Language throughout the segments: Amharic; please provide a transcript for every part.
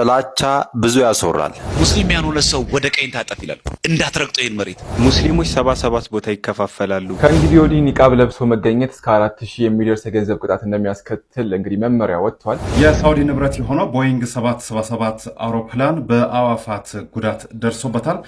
ጥላቻ ብዙ ያስወራል። ሙስሊም ያልሆነ ሰው ወደ ቀኝ ታጠፍ ይላል። እንዳትረግጦ ይህን መሬት ሙስሊሞች ሰባ ሰባት ቦታ ይከፋፈላሉ። ከእንግዲህ ወዲህ ኒቃብ ለብሶ መገኘት እስከ አራት ሺህ የሚደርስ የገንዘብ ቅጣት እንደሚያስከትል እንግዲህ መመሪያ ወጥቷል። የሳውዲ ንብረት የሆነው ቦይንግ 777 አውሮፕላን በአዋፋት ጉዳት ደርሶበታል።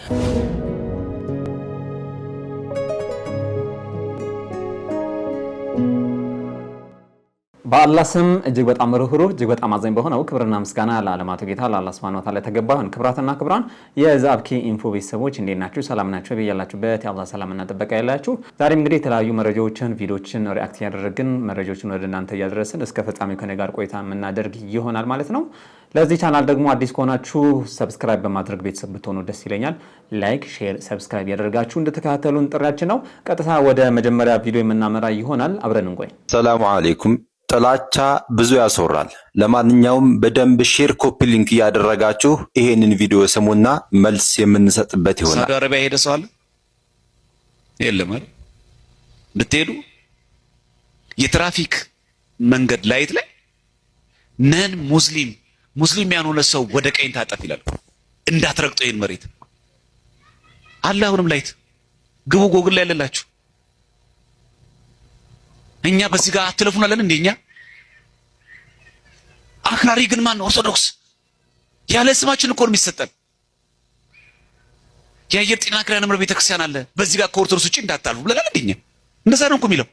በአላህ ስም እጅግ በጣም ርኅሩህ እጅግ በጣም አዛኝ በሆነው ክብርና ምስጋና ለዓለማቱ ጌታ ለአላህ ሱብሓነሁ ወተዓላ የተገባ ይሁን። ክብራትና ክብራን የዛብኪ ኢንፎ ቤተሰቦች እንዴት ናችሁ? ሰላም ናችሁ? በያላችሁበት የአላህ ሰላምና ጥበቃ ያላችሁ። ዛሬም እንግዲህ የተለያዩ መረጃዎችን፣ ቪዲዮችን ሪአክት እያደረግን መረጃዎችን ወደ እናንተ እያደረስን እስከ ፍጻሜ ከኔ ጋር ቆይታ የምናደርግ ይሆናል ማለት ነው። ለዚህ ቻናል ደግሞ አዲስ ከሆናችሁ ሰብስክራይብ በማድረግ ቤተሰብ ብትሆኑ ደስ ይለኛል። ላይክ፣ ሼር፣ ሰብስክራይብ ያደርጋችሁ እንድትከታተሉን ጥሪያችን ነው። ቀጥታ ወደ መጀመሪያ ቪዲዮ የምናመራ ይሆናል። አብረን እንቆይ። ሰላሙ አለይኩም ጥላቻ ብዙ ያስወራል። ለማንኛውም በደንብ ሼር ኮፒ ሊንክ እያደረጋችሁ ይሄንን ቪዲዮ ስሙና መልስ የምንሰጥበት ይሆናል። ሳውዲ አረቢያ ሄደ ሰው አለ የለም ብትሄዱ የትራፊክ መንገድ ላይት ላይ ነን ሙስሊም ሙስሊም ያንሆነ ሰው ወደ ቀኝ ታጠፍ ይላል። እንዳትረግጦ ይህን መሬት አለ። አሁንም ላይት ግቡ፣ ጎግል ላይ ያለላችሁ እኛ በዚህ ጋር አትለፉናለን አለን እንዴ? እኛ አክራሪ ግን ማን ኦርቶዶክስ ያለ ስማችን እኮ ነው የሚሰጠን። የአየር ጤና ክራይ ነምር ቤተክርስቲያን አለ በዚህ ጋር ከኦርቶዶክስ ውጭ እንዳታልፉ ብለናል እንዴ? እኛ እንደዛ ነው እኮ የሚለው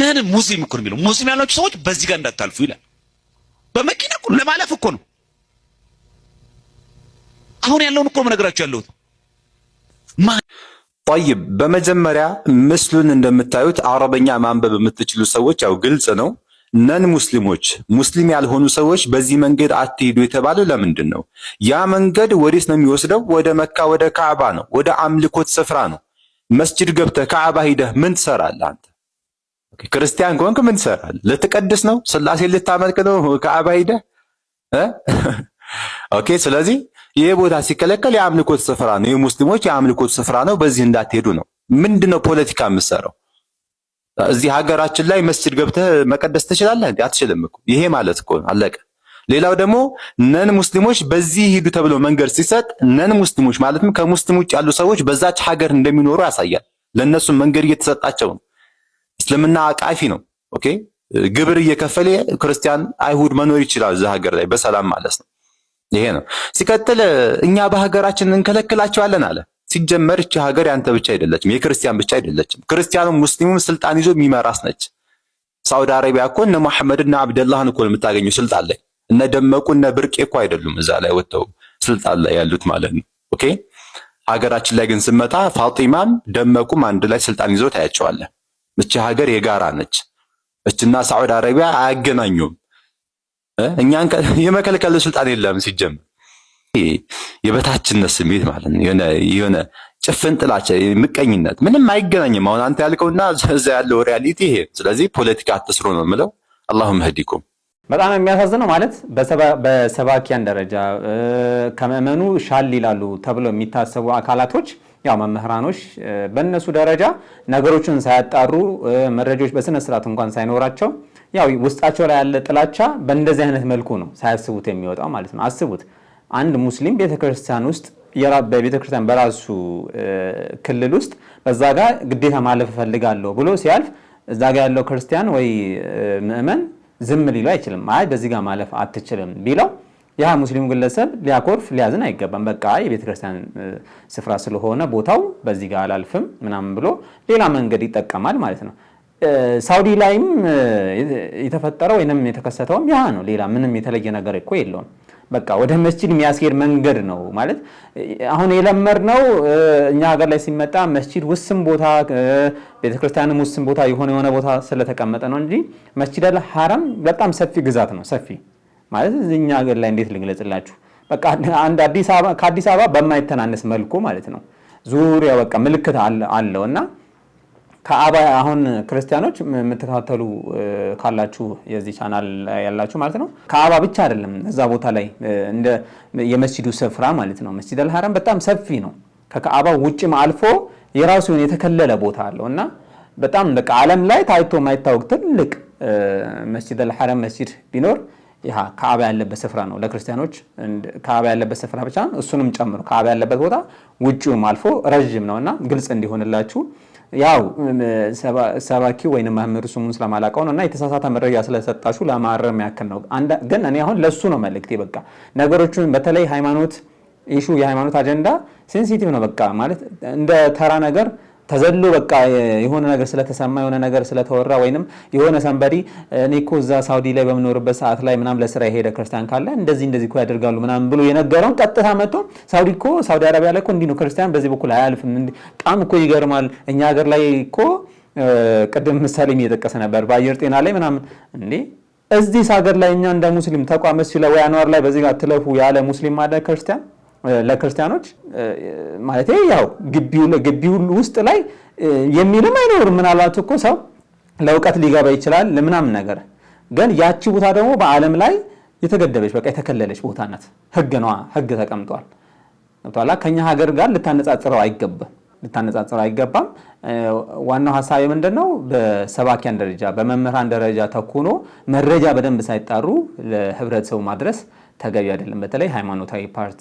ነን ሙስሊም እኮ ነው የሚለው። ሙስሊም ያላችሁ ሰዎች በዚህ ጋር እንዳታልፉ ይላል። በመኪና ለማለፍ እኮ ነው። አሁን ያለውን እኮ ነው መነግራችሁ ያለሁት። ጠይብ በመጀመሪያ ምስሉን እንደምታዩት አረበኛ ማንበብ የምትችሉ ሰዎች ያው ግልጽ ነው። ነን ሙስሊሞች ሙስሊም ያልሆኑ ሰዎች በዚህ መንገድ አትሄዱ የተባለ ለምንድን ነው? ያ መንገድ ወዴት ነው የሚወስደው? ወደ መካ፣ ወደ ካዕባ ነው፣ ወደ አምልኮት ስፍራ ነው። መስጅድ ገብተህ ካዕባ ሂደህ ምን ትሰራለህ አንተ? ክርስቲያን ከሆንክ ምን ትሰራለህ? ልትቀድስ ነው? ስላሴ ልታመልክ ነው? ካዕባ ሂደህ ኦኬ። ስለዚህ ይሄ ቦታ ሲከለከል የአምልኮት ስፍራ ነው፣ የሙስሊሞች የአምልኮት ስፍራ ነው፣ በዚህ እንዳትሄዱ ነው። ምንድነው ፖለቲካ የምሰራው? እዚህ ሀገራችን ላይ መስጅድ ገብተህ መቀደስ ትችላለህ? አትችልም እኮ ይሄ ማለት እኮ አለቀ። ሌላው ደግሞ ነን ሙስሊሞች በዚህ ሂዱ ተብሎ መንገድ ሲሰጥ ነን ሙስሊሞች ማለትም ከሙስሊም ውጭ ያሉ ሰዎች በዛች ሀገር እንደሚኖሩ ያሳያል። ለነሱ መንገድ እየተሰጣቸው ነው። እስልምና አቃፊ ነው። ኦኬ ግብር እየከፈለ ክርስቲያን አይሁድ መኖር ይችላል እዛ ሀገር ላይ በሰላም ማለት ነው። ይሄ ነው። ሲቀጥል እኛ በሀገራችን እንከለክላቸዋለን አለ። ሲጀመር እቺ ሀገር ያንተ ብቻ አይደለችም፣ የክርስቲያን ብቻ አይደለችም። ክርስቲያኑ ሙስሊሙም ስልጣን ይዞ የሚመራስ ነች። ሳውዲ አረቢያ እኮ እነ መሐመድና አብደላህን እኮ የምታገኘው ስልጣን ላይ እነ ደመቁ እነ ብርቄ እኮ አይደሉም እዛ ላይ ወጥተው ስልጣን ላይ ያሉት ማለት ነው። ኦኬ ሀገራችን ላይ ግን ስመጣ ፋጢማም ደመቁም አንድ ላይ ስልጣን ይዞ ታያቸዋለን። እቺ ሀገር የጋራ ነች። እችና ሳዑዲ አረቢያ አያገናኙም። እኛን የመከልከል ስልጣን የለም። ሲጀምር የበታችነት ስሜት ማለት የሆነ የሆነ ጭፍን ጥላቸ ምቀኝነት ምንም አይገናኝም። አሁን አንተ ያልከውና እዛ ያለው ሪያሊቲ ይሄ። ስለዚህ ፖለቲካ አትስሩ ነው የምለው። አላሁም ህዲኩም በጣም የሚያሳዝነው ማለት በሰባኪያን ደረጃ ከምዕመኑ ሻል ይላሉ ተብለው የሚታሰቡ አካላቶች ያው መምህራኖች በእነሱ ደረጃ ነገሮችን ሳያጣሩ መረጃዎች በስነስርዓት እንኳን ሳይኖራቸው ያው ውስጣቸው ላይ ያለ ጥላቻ በእንደዚህ አይነት መልኩ ነው ሳያስቡት የሚወጣው ማለት ነው። አስቡት አንድ ሙስሊም ቤተክርስቲያን ውስጥ በቤተክርስቲያን በራሱ ክልል ውስጥ በዛ ጋር ግዴታ ማለፍ እፈልጋለሁ ብሎ ሲያልፍ እዛ ጋር ያለው ክርስቲያን ወይ ምእመን ዝም ሊለው አይችልም። አይ በዚህ ጋር ማለፍ አትችልም ቢለው ያ ሙስሊሙ ግለሰብ ሊያኮርፍ ሊያዝን አይገባም። በቃ የቤተክርስቲያን ስፍራ ስለሆነ ቦታው በዚህ ጋር አላልፍም ምናምን ብሎ ሌላ መንገድ ይጠቀማል ማለት ነው። ሳውዲ ላይም የተፈጠረው ወይም የተከሰተውም ያ ነው። ሌላ ምንም የተለየ ነገር እኮ የለውም። በቃ ወደ መስጂድ የሚያስሄድ መንገድ ነው ማለት አሁን ነው እኛ ሀገር ላይ ሲመጣ መስጂድ ውስን ቦታ፣ ቤተክርስቲያንም ውስን ቦታ የሆነ የሆነ ቦታ ስለተቀመጠ ነው እንጂ መስጂድ አል ሐራም በጣም ሰፊ ግዛት ነው። ሰፊ ማለት እኛ ሀገር ላይ እንዴት ልግለጽላችሁ? በቃ አንድ አዲስ አበባ ከአዲስ አበባ በማይተናነስ መልኩ ማለት ነው ዙሪያ በቃ ምልክት አለው እና ከአባይ አሁን ክርስቲያኖች የምትከታተሉ ካላችሁ የዚህ ቻናል ያላችሁ ማለት ነው። ከአባ ብቻ አይደለም እዛ ቦታ ላይ እንደ የመስጂዱ ስፍራ ማለት ነው። መስጂድ አልሐራም በጣም ሰፊ ነው። ከከአባ ውጭም አልፎ የራሱ የሆነ የተከለለ ቦታ አለው እና በጣም በቃ ዓለም ላይ ታይቶ የማይታወቅ ትልቅ መስጂድ አልሐረም መስጂድ ቢኖር ያ ከአባ ያለበት ስፍራ ነው። ለክርስቲያኖች ከአባ ያለበት ስፍራ ብቻ እሱንም ጨምሮ ከአባ ያለበት ቦታ ውጭውም አልፎ ረዥም ነው እና ግልጽ እንዲሆንላችሁ ያው ሰባኪ ወይም መምህር ስሙን ስለማላውቀው ነው እና የተሳሳተ መረጃ ስለሰጣችሁ ለማረም ያክል ነው። ግን እኔ አሁን ለሱ ነው መልእክቴ። በቃ ነገሮቹን በተለይ ሃይማኖት ኢሹ የሃይማኖት አጀንዳ ሴንሲቲቭ ነው። በቃ ማለት እንደ ተራ ነገር ተዘሎ በቃ የሆነ ነገር ስለተሰማ የሆነ ነገር ስለተወራ ወይንም የሆነ ሰንበሪ እኔ እኮ እዛ ሳውዲ ላይ በምኖርበት ሰዓት ላይ ምናም ለስራ የሄደ ክርስቲያን ካለ እንደዚህ እንደዚህ እኮ ያደርጋሉ ምናም ብሎ የነገረውን ቀጥታ መጥቶ ሳውዲ እኮ ሳውዲ አረቢያ ላይ እኮ እንዲህ ነው ክርስቲያን በዚህ በኩል አያልፍም። በጣም እኮ ይገርማል። እኛ ሀገር ላይ እኮ ቅድም ምሳሌ እየጠቀሰ ነበር በአየር ጤና ላይ ምናምን እንዴ እዚህ ሀገር ላይ እኛ እንደ ሙስሊም ተቋመስ ሲለ ወይ አንዋር ላይ በዚህ ጋር ትለፉ ያለ ሙስሊም ማለ ክርስቲያን ለክርስቲያኖች ማለት ያው ግቢው ውስጥ ላይ የሚልም አይኖርም። ምናልባት እኮ ሰው ለእውቀት ሊገባ ይችላል ለምናምን ነገር ግን ያቺ ቦታ ደግሞ በዓለም ላይ የተገደበች በቃ የተከለለች ቦታ ናት። ህግ ነዋ፣ ህግ ተቀምጧል። ገብቶሃል። ከኛ ሀገር ጋር ልታነጻጽረው አይገባም፣ ልታነጻጽረው አይገባም። ዋናው ሀሳቤ ምንድን ነው? በሰባኪያን ደረጃ በመምህራን ደረጃ ተኩኖ መረጃ በደንብ ሳይጣሩ ለህብረተሰቡ ማድረስ ተገቢ አይደለም። በተለይ ሃይማኖታዊ ፓርት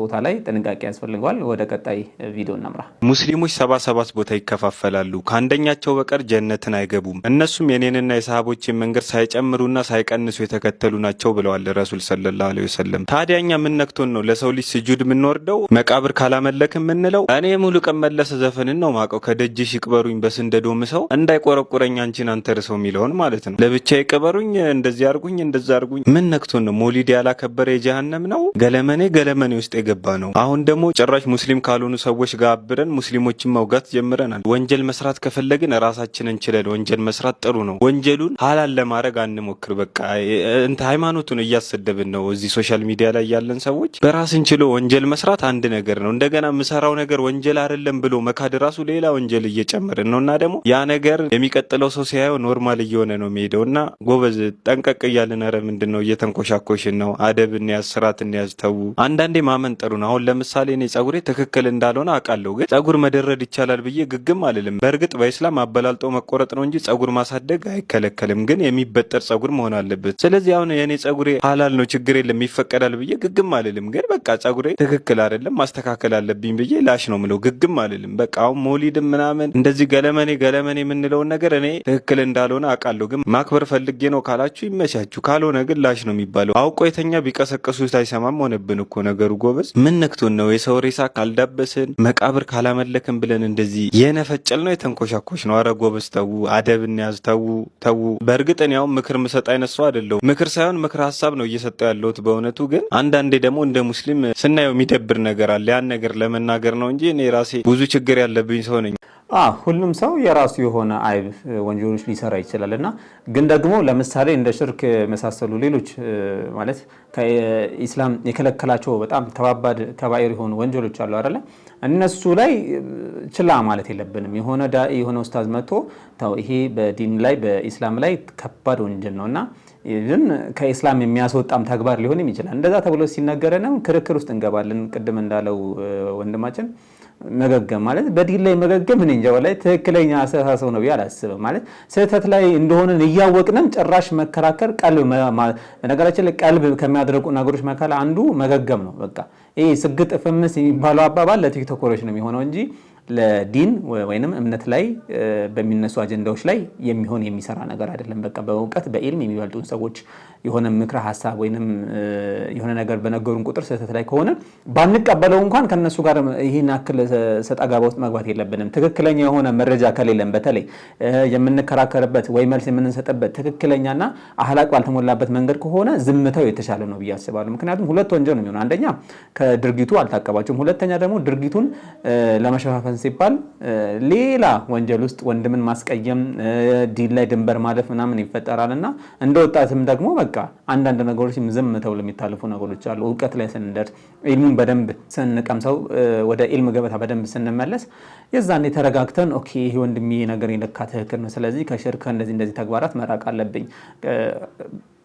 ቦታ ላይ ጥንቃቄ ያስፈልገዋል። ወደ ቀጣይ ቪዲዮ እናምራ። ሙስሊሞች ሰባ ሰባት ቦታ ይከፋፈላሉ፣ ከአንደኛቸው በቀር ጀነትን አይገቡም። እነሱም የኔንና የሰሃቦችን መንገድ ሳይጨምሩና ሳይቀንሱ የተከተሉ ናቸው ብለዋል ረሱል ሰለላሁ ዐለይሂ ወሰለም። ታዲያ እኛ ምን ነክቶን ነው ለሰው ልጅ ስጁድ የምንወርደው? መቃብር ካላመለክ የምንለው? እኔ ሙሉ ቀን መለሰ ዘፈንን ነው ማቀው ከደጅሽ ይቅበሩኝ በስንደዶም ሰው እንዳይቆረቁረኝ አንቺን አንተርሰው የሚለውን ማለት ነው። ለብቻ ይቅበሩኝ፣ እንደዚህ አርጉኝ፣ እንደዛ አርጉኝ። ምን ነክቶን ነው ሞሊድ ያላ ያላከበረ የጀሃነም ነው። ገለመኔ ገለመኔ ውስጥ የገባ ነው። አሁን ደግሞ ጭራሽ ሙስሊም ካልሆኑ ሰዎች ጋር አብረን ሙስሊሞችን መውጋት ጀምረናል። ወንጀል መስራት ከፈለግን ራሳችንን ችለን ወንጀል መስራት ጥሩ ነው። ወንጀሉን ሀላል ለማድረግ አንሞክር። በቃ እንትን ሃይማኖቱን እያሰደብን ነው። እዚህ ሶሻል ሚዲያ ላይ ያለን ሰዎች በራስን ችሎ ወንጀል መስራት አንድ ነገር ነው። እንደገና የምሰራው ነገር ወንጀል አይደለም ብሎ መካድ ራሱ ሌላ ወንጀል እየጨመርን ነው እና ደግሞ ያ ነገር የሚቀጥለው ሰው ሲያየው ኖርማል እየሆነ ነው የሚሄደው እና ጎበዝ ጠንቀቅ እያልን ኧረ ምንድን ነው እየተንኮሻኮሽን ነው አደብ እንያዝ፣ ስርዓት እንያዝ። ተዉ። አንዳንዴ ማመን ጥሩ ነው። አሁን ለምሳሌ እኔ ጸጉሬ ትክክል እንዳልሆነ አውቃለሁ፣ ግን ጸጉር መደረድ ይቻላል ብዬ ግግም አልልም። በእርግጥ በኢስላም አበላልጦ መቆረጥ ነው እንጂ ጸጉር ማሳደግ አይከለከልም፣ ግን የሚበጠር ጸጉር መሆን አለበት። ስለዚህ አሁን የእኔ ጸጉሬ ሀላል ነው ችግር የለም ይፈቀዳል ብዬ ግግም አልልም፣ ግን በቃ ጸጉሬ ትክክል አይደለም ማስተካከል አለብኝ ብዬ ላሽ ነው ምለው፣ ግግም አልልም። በቃ አሁን ሞሊድም ምናምን እንደዚህ ገለመኔ ገለመኔ የምንለውን ነገር እኔ ትክክል እንዳልሆነ አውቃለሁ፣ ግን ማክበር ፈልጌ ነው ካላችሁ ይመቻችሁ፣ ካልሆነ ግን ላሽ ነው የሚባለው አውቆ ሁለተኛ ቢቀሰቀሱ አይሰማም ሆነብን እኮ ነገሩ ጎበዝ። ምን ነክቶን ነው? የሰው ሬሳ ካልዳበስን መቃብር ካላመለክን ብለን እንደዚህ የነፈጨል ነው የተንኮሻኮሽ ነው። አረ ጎበዝ ተዉ፣ አደብ እንያዝ። ተዉ ተዉ። በእርግጥን እኔ ምክር ምሰጥ አይነት ሰው አይደለሁም። ምክር ሳይሆን ምክር ሀሳብ ነው እየሰጠው ያለሁት በእውነቱ ግን አንዳንዴ ደግሞ እንደ ሙስሊም ስናየው የሚደብር ነገር አለ። ያን ነገር ለመናገር ነው እንጂ እኔ ራሴ ብዙ ችግር ያለብኝ ሰው ነኝ። ሁሉም ሰው የራሱ የሆነ አይብ ወንጀሎች ሊሰራ ይችላል እና ግን ደግሞ ለምሳሌ እንደ ሽርክ መሳሰሉ ሌሎች ማለት ከኢስላም የከለከላቸው በጣም ተባባድ ከባይር የሆኑ ወንጀሎች አሉ አይደለ? እነሱ ላይ ችላ ማለት የለብንም። የሆነ ዳኢ የሆነ ኡስታዝ መጥቶ ተው ይሄ በዲን ላይ በኢስላም ላይ ከባድ ወንጀል ነው እና ግን ከኢስላም የሚያስወጣም ተግባር ሊሆንም ይችላል። እንደዛ ተብሎ ሲነገረንም ክርክር ውስጥ እንገባለን። ቅድም እንዳለው ወንድማችን መገገም ማለት በዲን ላይ መገገም ምን እንጃ ላይ ትክክለኛ አስተሳሰብ ነው ብዬ አላስብም። ማለት ስህተት ላይ እንደሆነን እያወቅንም ጭራሽ መከራከር ቀልብ፣ በነገራችን ላይ ቀልብ ከሚያደርጉ ነገሮች መካከል አንዱ መገገም ነው። በቃ ይሄ ስግጥ ፍምስ የሚባለው አባባል ለቲክቶከሮች ነው የሚሆነው እንጂ ለዲን ወይንም እምነት ላይ በሚነሱ አጀንዳዎች ላይ የሚሆን የሚሰራ ነገር አይደለም። በቃ በእውቀት በኢልም የሚበልጡን ሰዎች የሆነ ምክረ ሀሳብ ወይንም የሆነ ነገር በነገሩን ቁጥር ስህተት ላይ ከሆነ ባንቀበለው እንኳን ከነሱ ጋር ይህን አክል ሰጣ ውስጥ መግባት የለብንም። ትክክለኛ የሆነ መረጃ ከሌለን በተለይ የምንከራከርበት ወይ መልስ የምንሰጥበት ትክክለኛና አህላቅ ባልተሞላበት መንገድ ከሆነ ዝምታው የተሻለ ነው ብዬ አስባለሁ። ምክንያቱም ሁለት ወንጀል ነው የሚሆነው። አንደኛ ከድርጊቱ አልታቀባቸውም፣ ሁለተኛ ደግሞ ድርጊቱን ለመሸፋፈን ሲባል ሌላ ወንጀል ውስጥ ወንድምን ማስቀየም ዲል ላይ ድንበር ማለፍ ምናምን ይፈጠራል እና እንደ ወጣትም ደግሞ በቃ አንዳንድ ነገሮች ዝም ተብሎ የሚታልፉ ነገሮች አሉ። እውቀት ላይ ስንደርስ ኢልሙን በደንብ ስንቀምሰው፣ ወደ ኢልም ገበታ በደንብ ስንመለስ የዛን የተረጋግተን ኦኬ ይህ ወንድሜ ነገር የለካ ትክክል ነው፣ ስለዚህ ከሽርክ እንደዚህ እንደዚህ ተግባራት መራቅ አለብኝ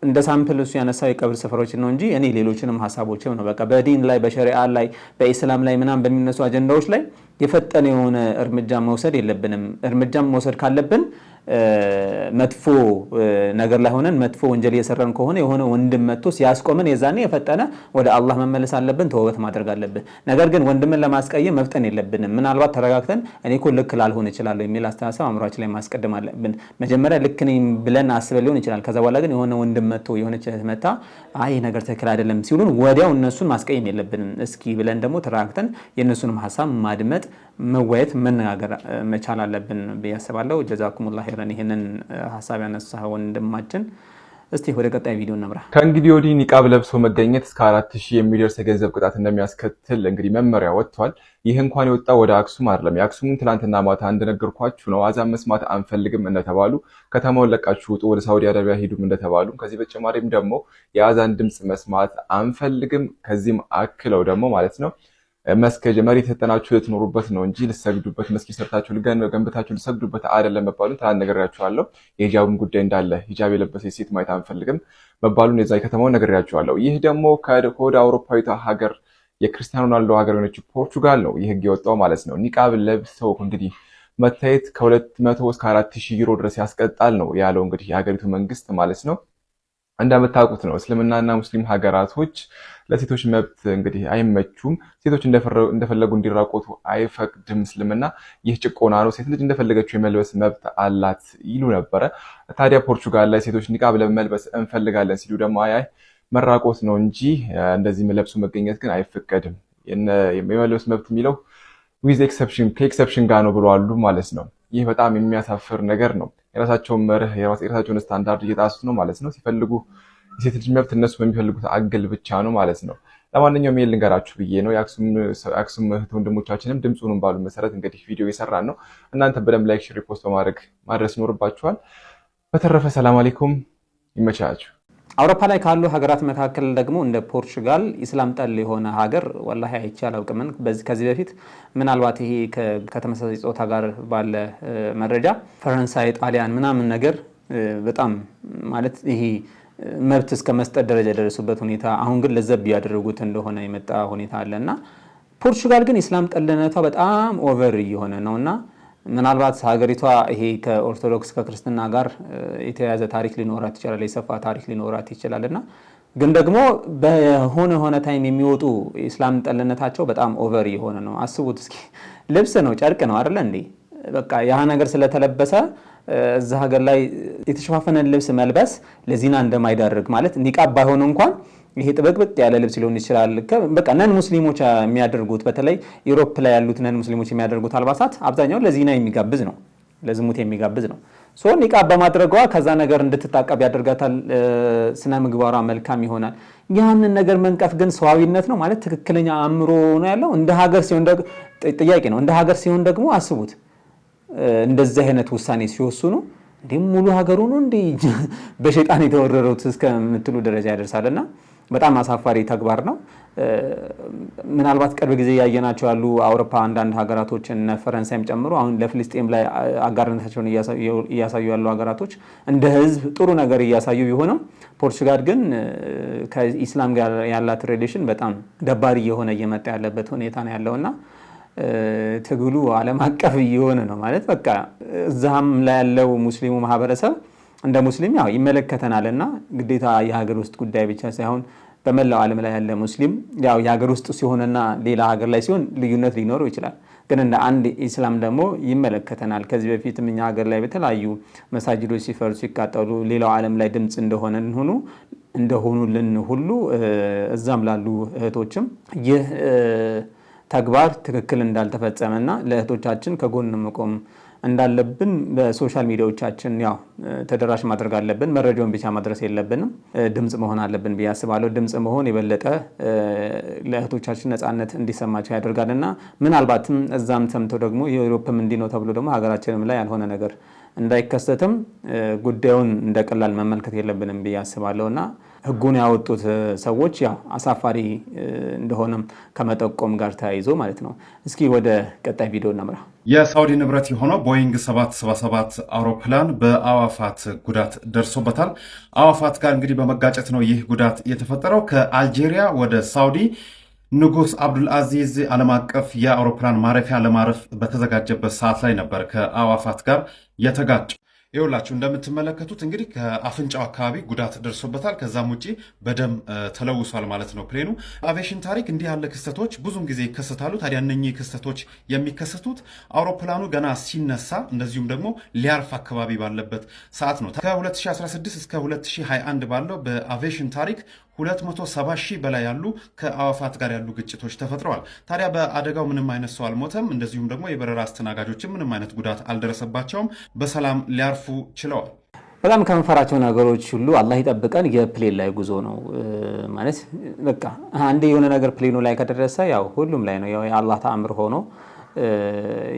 እንደ ሳምፕል እሱ ያነሳው የቀብር ስፍራዎችን ነው እንጂ እኔ ሌሎችንም ሀሳቦችም ነው በቃ በዲን ላይ በሸሪዓ ላይ በኢስላም ላይ ምናምን በሚነሱ አጀንዳዎች ላይ የፈጠነ የሆነ እርምጃ መውሰድ የለብንም። እርምጃም መውሰድ ካለብን መጥፎ ነገር ላይ ሆነን መጥፎ ወንጀል እየሰራን ከሆነ የሆነ ወንድም መጥቶ ሲያስቆመን የዛኔ የፈጠነ ወደ አላህ መመለስ አለብን፣ ተውበት ማድረግ አለብን። ነገር ግን ወንድምን ለማስቀየም መፍጠን የለብንም። ምናልባት ተረጋግተን እኔ እኮ ልክ ላልሆን እችላለሁ የሚል አስተሳሰብ አእምሯችን ላይ ማስቀደም አለብን። መጀመሪያ ልክ ነኝ ብለን አስበ ሊሆን ይችላል። ከዛ በኋላ ግን የሆነ ወንድም መጥቶ የሆነች መታ አይ ነገር ትክክል አይደለም ሲሉን ወዲያው እነሱን ማስቀየም የለብንም። እስኪ ብለን ደግሞ ተረጋግተን የእነሱንም ሀሳብ ማድመጥ፣ መወየት፣ መነጋገር መቻል አለብን ብዬ አስባለሁ። ጀዛኩሙላህ ሸክረን ይህንን ሀሳብ ያነሳ ወንድማችን እስቲ ወደ ቀጣይ ቪዲዮ እናምራ። ከእንግዲህ ወዲህ ኒቃብ ለብሶ መገኘት እስከ አራት ሺህ የሚደርስ የገንዘብ ቅጣት እንደሚያስከትል እንግዲህ መመሪያ ወጥቷል። ይህ እንኳን የወጣው ወደ አክሱም አይደለም። የአክሱሙን ትናንትና ማታ እንደነገርኳችሁ ነው። አዛን መስማት አንፈልግም እንደተባሉ ከተማውን ለቃችሁ ውጡ፣ ወደ ሳውዲ አረቢያ ሂዱም እንደተባሉ ከዚህ በተጨማሪም ደግሞ የአዛን ድምፅ መስማት አንፈልግም ከዚህም አክለው ደግሞ ማለት ነው መስከጀ መሬት የተጠናችሁ ልትኖሩበት ነው እንጂ ልሰግዱበት መስጊድ ሰርታችሁ ገንብታችሁ ልሰግዱበት አይደለም መባሉን ትናንት ነግሬያችኋለሁ። የሂጃብም ጉዳይ እንዳለ ሂጃብ የለበሰች ሴት ማየት አንፈልግም መባሉን የዛ ከተማው ነግሬያችኋለሁ። ይህ ደግሞ ከወደ አውሮፓዊቷ ሀገር የክርስቲያን ሮናልዶ ሀገር የሆነች ፖርቹጋል ነው ይህ ህግ የወጣው ማለት ነው። ኒቃብ ለብሰው እንግዲህ መታየት ከሁለት መቶ እስከ አራት ሺህ ዩሮ ድረስ ያስቀጣል ነው ያለው እንግዲህ የሀገሪቱ መንግስት ማለት ነው። እንደምታውቁት ነው እስልምናና ሙስሊም ሀገራቶች ለሴቶች መብት እንግዲህ አይመቹም። ሴቶች እንደፈለጉ እንዲራቆቱ አይፈቅድም እስልምና። ይህ ጭቆና ነው፣ ሴት ልጅ እንደፈለገችው የመልበስ መብት አላት ይሉ ነበረ። ታዲያ ፖርቹጋል ላይ ሴቶች ኒቃብ ለመልበስ እንፈልጋለን ሲሉ ደግሞ አይ መራቆት ነው እንጂ እንደዚህ መለብሱ መገኘት ግን አይፈቀድም፣ የመልበስ መብት የሚለው ዊዝ ኤክሰፕሽን ከኤክሰፕሽን ጋር ነው ብለዋሉ ማለት ነው። ይህ በጣም የሚያሳፍር ነገር ነው። የራሳቸውን መርህ የራሳቸውን ስታንዳርድ እየጣሱት ነው ማለት ነው። ሲፈልጉ የሴት ልጅ መብት እነሱ በሚፈልጉት አግል ብቻ ነው ማለት ነው። ለማንኛውም ይሄን ልንገራችሁ ብዬ ነው። የአክሱም እህት ወንድሞቻችንም ድምፁንም ባሉ መሰረት እንግዲህ ቪዲዮ የሰራን ነው። እናንተ በደንብ ላይክ፣ ሼር፣ ሪፖስት በማድረግ ማድረስ ይኖርባችኋል። በተረፈ ሰላም አሌይኩም፣ ይመቻችሁ። አውሮፓ ላይ ካሉ ሀገራት መካከል ደግሞ እንደ ፖርቹጋል ኢስላም ጠል የሆነ ሀገር ወላሂ አይቼ አላውቅም። ከዚህ በፊት ምናልባት ይሄ ከተመሳሳይ ፆታ ጋር ባለ መረጃ ፈረንሳይ፣ ጣሊያን ምናምን ነገር በጣም ማለት ይሄ መብት እስከ መስጠት ደረጃ የደረሱበት ሁኔታ፣ አሁን ግን ለዘብ ያደረጉት እንደሆነ የመጣ ሁኔታ አለ እና ፖርቹጋል ግን ኢስላም ጠልነቷ በጣም ኦቨር እየሆነ ነው እና ምናልባት ሀገሪቷ ይሄ ከኦርቶዶክስ ከክርስትና ጋር የተያያዘ ታሪክ ሊኖራት ይችላል፣ የሰፋ ታሪክ ሊኖራት ይችላል እና ግን ደግሞ በሆነ ሆነ ታይም የሚወጡ ኢስላም ጠልነታቸው በጣም ኦቨር የሆነ ነው። አስቡት እስኪ ልብስ ነው ጨርቅ ነው አይደለ እንዴ? በቃ ያ ነገር ስለተለበሰ እዛ ሀገር ላይ የተሸፋፈነ ልብስ መልበስ ለዚና እንደማይዳርግ ማለት ኒቃብ ባይሆን እንኳን ይሄ ጥበቅብቅ ያለ ልብስ ሊሆን ይችላል። በቃ ነን ሙስሊሞች የሚያደርጉት በተለይ ዩሮፕ ላይ ያሉት ነን ሙስሊሞች የሚያደርጉት አልባሳት አብዛኛው ለዚና የሚጋብዝ ነው፣ ለዝሙት የሚጋብዝ ነው። ሶ ኒቃብ በማድረጓ ከዛ ነገር እንድትታቀብ ያደርጋታል። ስነ ምግባሯ መልካም ይሆናል። ያንን ነገር መንቀፍ ግን ሰዋዊነት ነው ማለት ትክክለኛ አእምሮ ነው ያለው። እንደ ሀገር ሲሆን ጥያቄ ነው። እንደ ሀገር ሲሆን ደግሞ አስቡት እንደዚህ አይነት ውሳኔ ሲወስኑ እንዲህም ሙሉ ሀገሩን እንዲህ በሸጣን የተወረሩት እስከምትሉ ደረጃ ያደርሳልና በጣም አሳፋሪ ተግባር ነው። ምናልባት ቅርብ ጊዜ እያየናቸው ያሉ አውሮፓ አንዳንድ ሀገራቶች እነ ፈረንሳይም ጨምሮ አሁን ለፍልስጤም ላይ አጋርነታቸውን እያሳዩ ያሉ ሀገራቶች እንደ ሕዝብ ጥሩ ነገር እያሳዩ ቢሆንም ፖርቹጋል ግን ከኢስላም ጋር ያላት ሬሌሽን በጣም ደባሪ እየሆነ እየመጣ ያለበት ሁኔታ ነው ያለው ትግሉ ዓለም አቀፍ እየሆነ ነው ማለት በቃ እዛም ላይ ያለው ሙስሊሙ ማህበረሰብ እንደ ሙስሊም ያው ይመለከተናል እና ግዴታ የሀገር ውስጥ ጉዳይ ብቻ ሳይሆን በመላው ዓለም ላይ ያለ ሙስሊም ያው የሀገር ውስጥ ሲሆንና ሌላ ሀገር ላይ ሲሆን ልዩነት ሊኖረው ይችላል። ግን እንደ አንድ ኢስላም ደግሞ ይመለከተናል። ከዚህ በፊትም እኛ ሀገር ላይ በተለያዩ መሳጅዶች ሲፈሩ ሲቃጠሉ ሌላው ዓለም ላይ ድምፅ እንደሆነ ሆኑ እንደሆኑልን ሁሉ እዛም ላሉ እህቶችም ይህ ተግባር ትክክል እንዳልተፈጸመና ለእህቶቻችን ከጎን መቆም እንዳለብን በሶሻል ሚዲያዎቻችን ያው ተደራሽ ማድረግ አለብን። መረጃውን ብቻ ማድረስ የለብንም። ድምፅ መሆን አለብን ብዬ አስባለሁ። ድምፅ መሆን የበለጠ ለእህቶቻችን ነፃነት እንዲሰማቸው ያደርጋል እና ምናልባትም እዛም ሰምተው ደግሞ የዩሮፕም እንዲህ ነው ተብሎ ደግሞ ሀገራችንም ላይ ያልሆነ ነገር እንዳይከሰትም ጉዳዩን እንደ ቀላል መመልከት የለብንም ብዬ አስባለሁ እና ህጉን ያወጡት ሰዎች ያው አሳፋሪ እንደሆነም ከመጠቆም ጋር ተያይዞ ማለት ነው። እስኪ ወደ ቀጣይ ቪዲዮ እናምራ። የሳውዲ ንብረት የሆነው ቦይንግ 777 አውሮፕላን በአዋፋት ጉዳት ደርሶበታል። አዋፋት ጋር እንግዲህ በመጋጨት ነው ይህ ጉዳት የተፈጠረው። ከአልጄሪያ ወደ ሳውዲ ንጉስ አብዱልአዚዝ ዓለም አቀፍ የአውሮፕላን ማረፊያ ለማረፍ በተዘጋጀበት ሰዓት ላይ ነበር ከአዋፋት ጋር የተጋጨው። ይኸውላችሁ እንደምትመለከቱት እንግዲህ ከአፍንጫው አካባቢ ጉዳት ደርሶበታል። ከዛም ውጭ በደም ተለውሷል ማለት ነው ፕሌኑ። አቪዬሽን ታሪክ እንዲህ ያለ ክስተቶች ብዙም ጊዜ ይከሰታሉ። ታዲያ እነኚህ ክስተቶች የሚከሰቱት አውሮፕላኑ ገና ሲነሳ እንደዚሁም ደግሞ ሊያርፍ አካባቢ ባለበት ሰዓት ነው። ከ2016 እስከ 2021 ባለው በአቪዬሽን ታሪክ 270 ሺህ በላይ ያሉ ከአዋፋት ጋር ያሉ ግጭቶች ተፈጥረዋል። ታዲያ በአደጋው ምንም አይነት ሰው አልሞተም። እንደዚሁም ደግሞ የበረራ አስተናጋጆችም ምንም አይነት ጉዳት አልደረሰባቸውም። በሰላም ሊያርፉ ችለዋል። በጣም ከምንፈራቸው ነገሮች ሁሉ አላህ ይጠብቀን የፕሌን ላይ ጉዞ ነው። ማለት በቃ አንዴ የሆነ ነገር ፕሌኑ ላይ ከደረሰ ያው ሁሉም ላይ ነው የአላህ ተአምር ሆኖ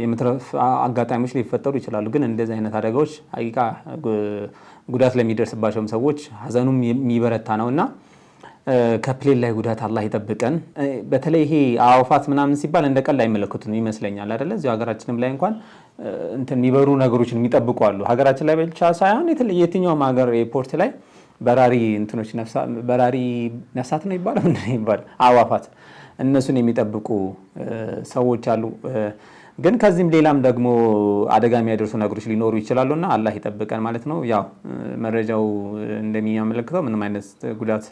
የምትረፍ አጋጣሚዎች ሊፈጠሩ ይችላሉ። ግን እንደዚህ አይነት አደጋዎች ሀቂቃ ጉዳት ለሚደርስባቸውም ሰዎች ሀዘኑም የሚበረታ ነው እና ከፕሌን ላይ ጉዳት አላህ ይጠብቀን። በተለይ ይሄ አውፋት ምናምን ሲባል እንደ ቀል አይመለከቱም ይመስለኛል አይደለ? እዚሁ ሀገራችንም ላይ እንኳን እንትን የሚበሩ ነገሮችን የሚጠብቁ አሉ። ሀገራችን ላይ ብቻ ሳይሆን የትኛውም ሀገር ኤርፖርት ላይ በራሪ እንትኖች በራሪ ነፍሳት ነው ይባላል፣ ምንድን ነው ይባላል፣ አዕዋፋት እነሱን የሚጠብቁ ሰዎች አሉ። ግን ከዚህም ሌላም ደግሞ አደጋ የሚያደርሱ ነገሮች ሊኖሩ ይችላሉ እና አላህ ይጠብቀን ማለት ነው። ያው መረጃው እንደሚያመለክተው ምንም አይነት ጉዳት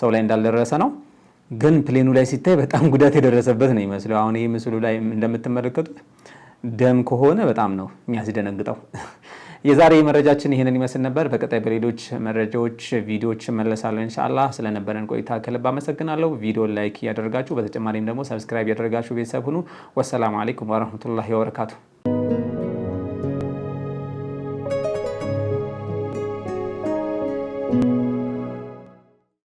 ሰው ላይ እንዳልደረሰ ነው። ግን ፕሌኑ ላይ ሲታይ በጣም ጉዳት የደረሰበት ነው ይመስለው። አሁን ይህ ምስሉ ላይ እንደምትመለከቱት ደም ከሆነ በጣም ነው የሚያስደነግጠው። የዛሬ መረጃችን ይህንን ይመስል ነበር። በቀጣይ በሌሎች መረጃዎች፣ ቪዲዮዎች መለሳለን እንሻላ ስለነበረን ቆይታ ከልብ አመሰግናለሁ። ቪዲዮ ላይክ እያደረጋችሁ በተጨማሪም ደግሞ ሰብስክራይብ እያደረጋችሁ ቤተሰብ ሁኑ። ወሰላሙ አሌይኩም ወረህመቱላሂ ወበረካቱሁ።